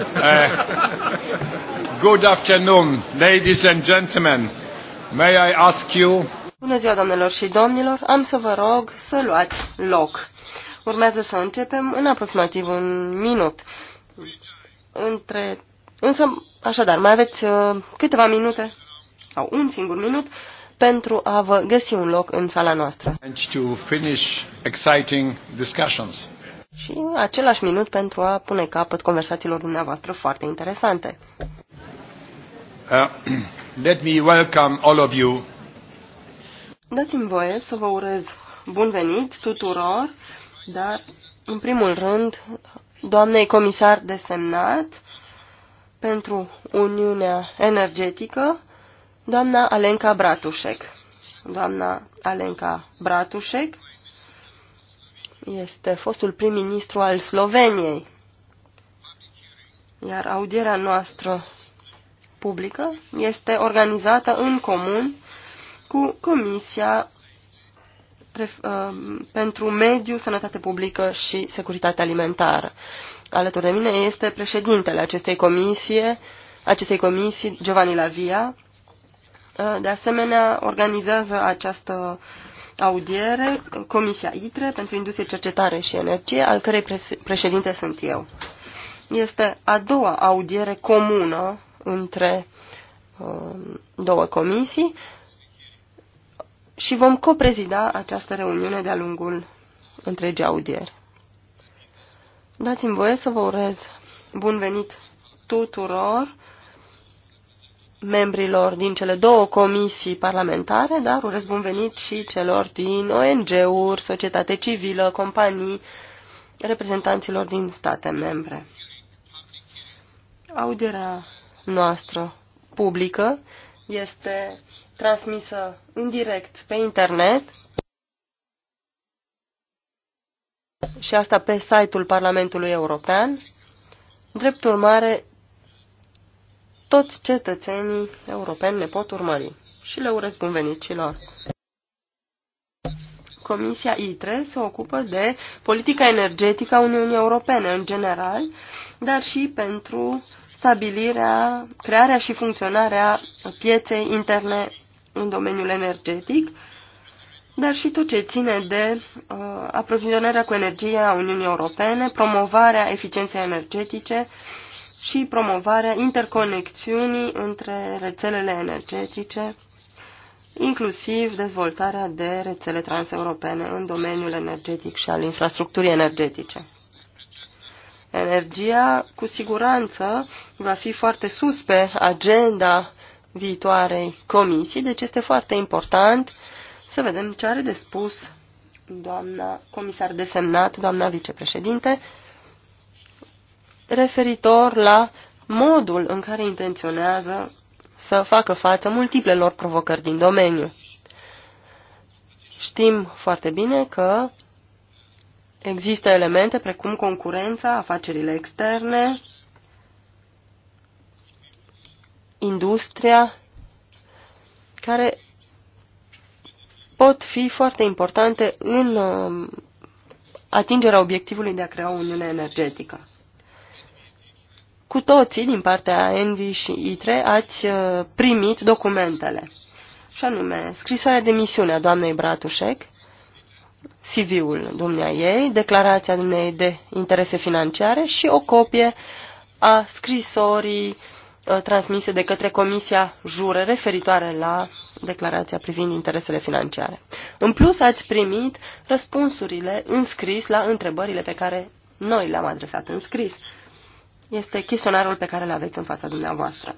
Uh, good afternoon, ladies and gentlemen. May I ask you... Bună ziua, doamnelor și domnilor. Am să vă rog să luați loc. Urmează să începem în aproximativ un minut. Între... Însă, așadar, mai aveți uh, câteva minute sau un singur minut pentru a vă găsi un loc în sala noastră. And to finish exciting discussions și același minut pentru a pune capăt conversațiilor dumneavoastră foarte interesante. Uh, let me welcome all of you. Dați-mi voie să vă urez bun venit tuturor, dar în primul rând doamnei comisar desemnat pentru Uniunea Energetică, doamna Alenca Bratușec. Doamna Alenca Bratușec este fostul prim-ministru al Sloveniei. Iar audierea noastră publică este organizată în comun cu Comisia uh, pentru Mediu, Sănătate Publică și Securitate Alimentară. Alături de mine este președintele acestei comisie, acestei comisii, Giovanni Lavia. Uh, de asemenea, organizează această uh, audiere Comisia ITRE pentru Industrie, Cercetare și Energie, al cărei președinte sunt eu. Este a doua audiere comună între uh, două comisii și vom coprezida această reuniune de-a lungul întregii audieri. Dați-mi voie să vă urez bun venit tuturor membrilor din cele două comisii parlamentare, dar urez bun venit și celor din ONG-uri, societate civilă, companii, reprezentanților din state membre. Audierea noastră publică este transmisă în direct pe internet și asta pe site-ul Parlamentului European. Drept urmare, toți cetățenii europeni ne pot urmări și le urez bun venit și lor. Comisia ITRE se ocupă de politica energetică a Uniunii Europene în general, dar și pentru stabilirea, crearea și funcționarea pieței interne în domeniul energetic, dar și tot ce ține de uh, aprovizionarea cu energie a Uniunii Europene, promovarea eficienței energetice, uh, și promovarea interconexiunii între rețelele energetice, inclusiv dezvoltarea de rețele transeuropene în domeniul energetic și al infrastructurii energetice. Energia, cu siguranță, va fi foarte sus pe agenda viitoarei comisii, deci este foarte important să vedem ce are de spus doamna comisar desemnat, doamna vicepreședinte, referitor la modul în care intenționează să facă față multiplelor provocări din domeniu. Știm foarte bine că există elemente precum concurența, afacerile externe, industria, care pot fi foarte importante în um, atingerea obiectivului de a crea o uniune energetică. Cu toții din partea Envy și ITRE ați uh, primit documentele, și anume scrisoarea de misiune a doamnei Bratușec, CV-ul dumnea ei, declarația dumnei de interese financiare și o copie a scrisorii uh, transmise de către Comisia Jure referitoare la declarația privind interesele financiare. În plus, ați primit răspunsurile înscris la întrebările pe care noi le-am adresat în scris este chestionarul pe care îl aveți în fața dumneavoastră.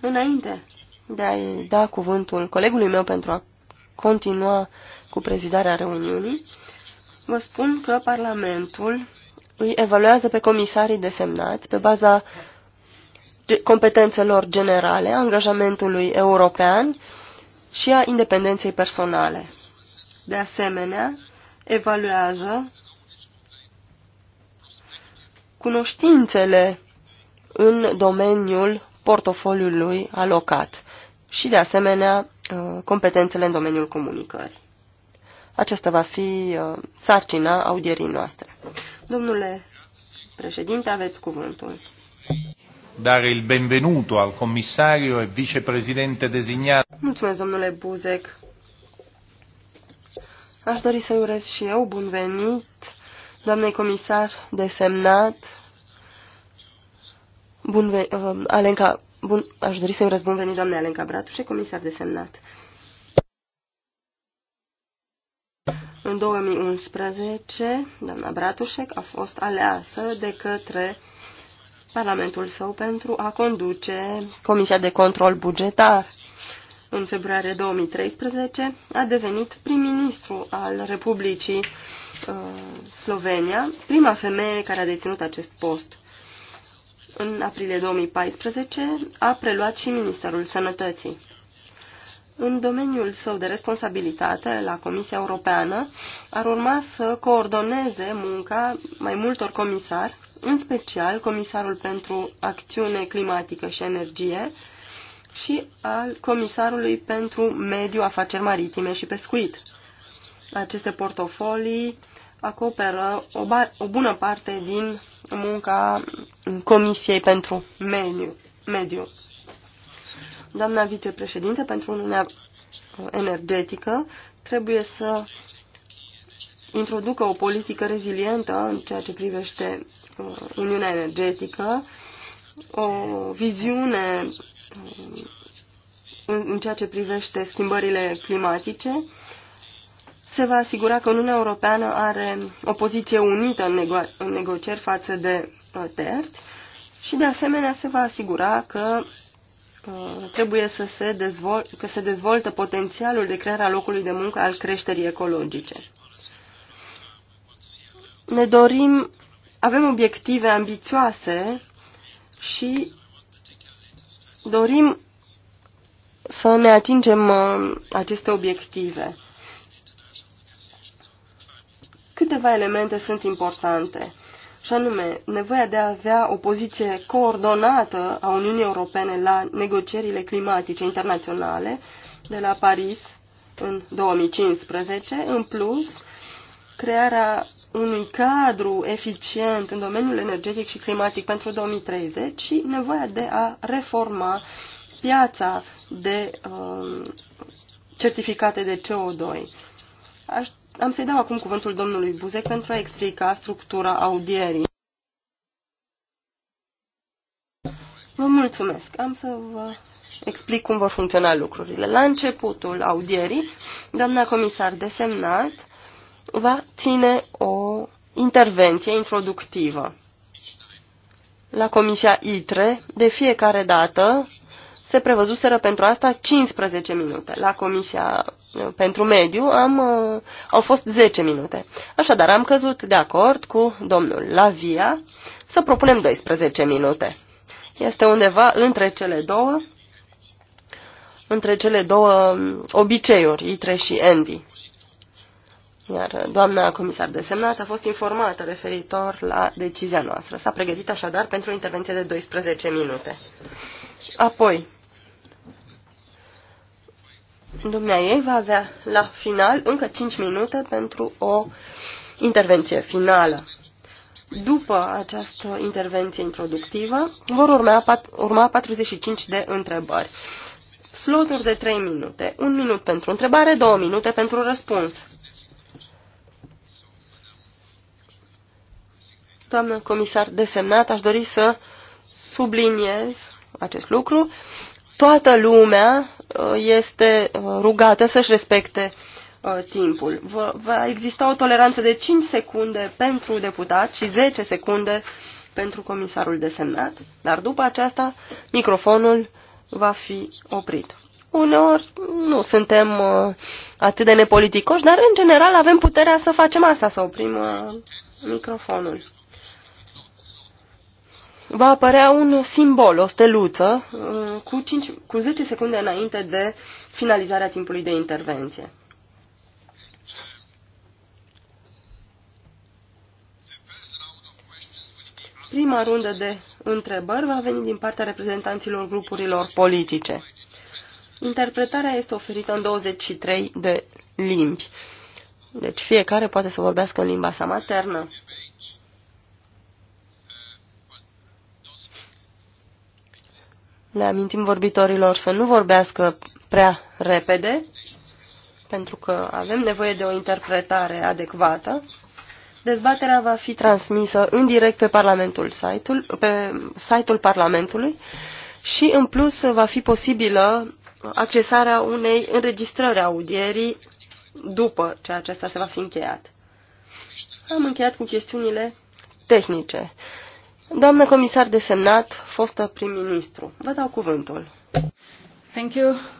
Înainte de a-i da cuvântul colegului meu pentru a continua cu prezidarea reuniunii, vă spun că Parlamentul îi evaluează pe comisarii desemnați pe baza competențelor generale, angajamentului european și a independenței personale. De asemenea, evaluează cunoștințele în domeniul portofoliului alocat și, de asemenea, uh, competențele în domeniul comunicării. Aceasta va fi uh, sarcina audierii noastre. Domnule președinte, aveți cuvântul. Dar il benvenuto al comisario e vicepresidente designat. Mulțumesc, domnule Buzek. Aș dori să-i urez și eu bun venit, doamnei comisar desemnat, bun ve uh, Alenca, bun, aș dori să-i urez bun venit, doamnei Alenca Bratu și comisar desemnat. În 2011, doamna Bratușec a fost aleasă de către Parlamentul său pentru a conduce Comisia de Control Bugetar în februarie 2013, a devenit prim-ministru al Republicii uh, Slovenia, prima femeie care a deținut acest post. În aprilie 2014 a preluat și Ministerul Sănătății. În domeniul său de responsabilitate la Comisia Europeană ar urma să coordoneze munca mai multor comisari, în special Comisarul pentru Acțiune Climatică și Energie, și al Comisarului pentru Mediu, Afaceri Maritime și Pescuit. Aceste portofolii acoperă o, o bună parte din munca Comisiei pentru Mediu. mediu. Doamna vicepreședinte pentru Uniunea Energetică trebuie să introducă o politică rezilientă în ceea ce privește uh, Uniunea Energetică, o viziune în ceea ce privește schimbările climatice, se va asigura că Uniunea Europeană are o poziție unită în, nego în negocieri față de uh, terți și, de asemenea, se va asigura că uh, trebuie să se, dezvol că se dezvoltă potențialul de creare a locului de muncă al creșterii ecologice. Ne dorim, avem obiective ambițioase și dorim să ne atingem uh, aceste obiective. Câteva elemente sunt importante, și anume nevoia de a avea o poziție coordonată a Uniunii Europene la negocierile climatice internaționale de la Paris în 2015, în plus crearea unui cadru eficient în domeniul energetic și climatic pentru 2030 și nevoia de a reforma piața de um, certificate de CO2. Aș, am să-i dau acum cuvântul domnului Buzec pentru a explica structura audierii. Vă mulțumesc. Am să vă explic cum vor funcționa lucrurile. La începutul audierii, doamna comisar desemnat va ține o intervenție introductivă. La Comisia ITRE, de fiecare dată, se prevăzuseră pentru asta 15 minute. La Comisia uh, pentru Mediu am, uh, au fost 10 minute. Așadar, am căzut de acord cu domnul Lavia să propunem 12 minute. Este undeva între cele două, între cele două um, obiceiuri, ITRE și ENVI. Iar doamna comisar desemnat a fost informată referitor la decizia noastră. S-a pregătit așadar pentru o intervenție de 12 minute. Apoi, dumnea ei va avea la final încă 5 minute pentru o intervenție finală. După această intervenție introductivă, vor urma, pat, urma 45 de întrebări. Sloturi de 3 minute, 1 minut pentru întrebare, 2 minute pentru răspuns. Doamnă comisar desemnat, aș dori să subliniez acest lucru. Toată lumea uh, este uh, rugată să-și respecte uh, timpul. Va exista o toleranță de 5 secunde pentru deputat și 10 secunde pentru comisarul desemnat, dar după aceasta microfonul va fi oprit. Uneori nu suntem uh, atât de nepoliticoși, dar în general avem puterea să facem asta, să oprim uh, microfonul va apărea un simbol, o steluță, mm, cu, 5, cu 10 secunde înainte de finalizarea timpului de intervenție. Prima rundă de întrebări va veni din partea reprezentanților grupurilor politice. Interpretarea este oferită în 23 de limbi. Deci fiecare poate să vorbească în limba sa maternă. Ne amintim vorbitorilor să nu vorbească prea repede, pentru că avem nevoie de o interpretare adecvată. Dezbaterea va fi transmisă în direct pe, parlamentul site-ul, pe site-ul Parlamentului și, în plus, va fi posibilă accesarea unei înregistrări a audierii după ce aceasta se va fi încheiat. Am încheiat cu chestiunile tehnice. Doamnă comisar desemnat, fostă prim-ministru, vă dau cuvântul. Thank you.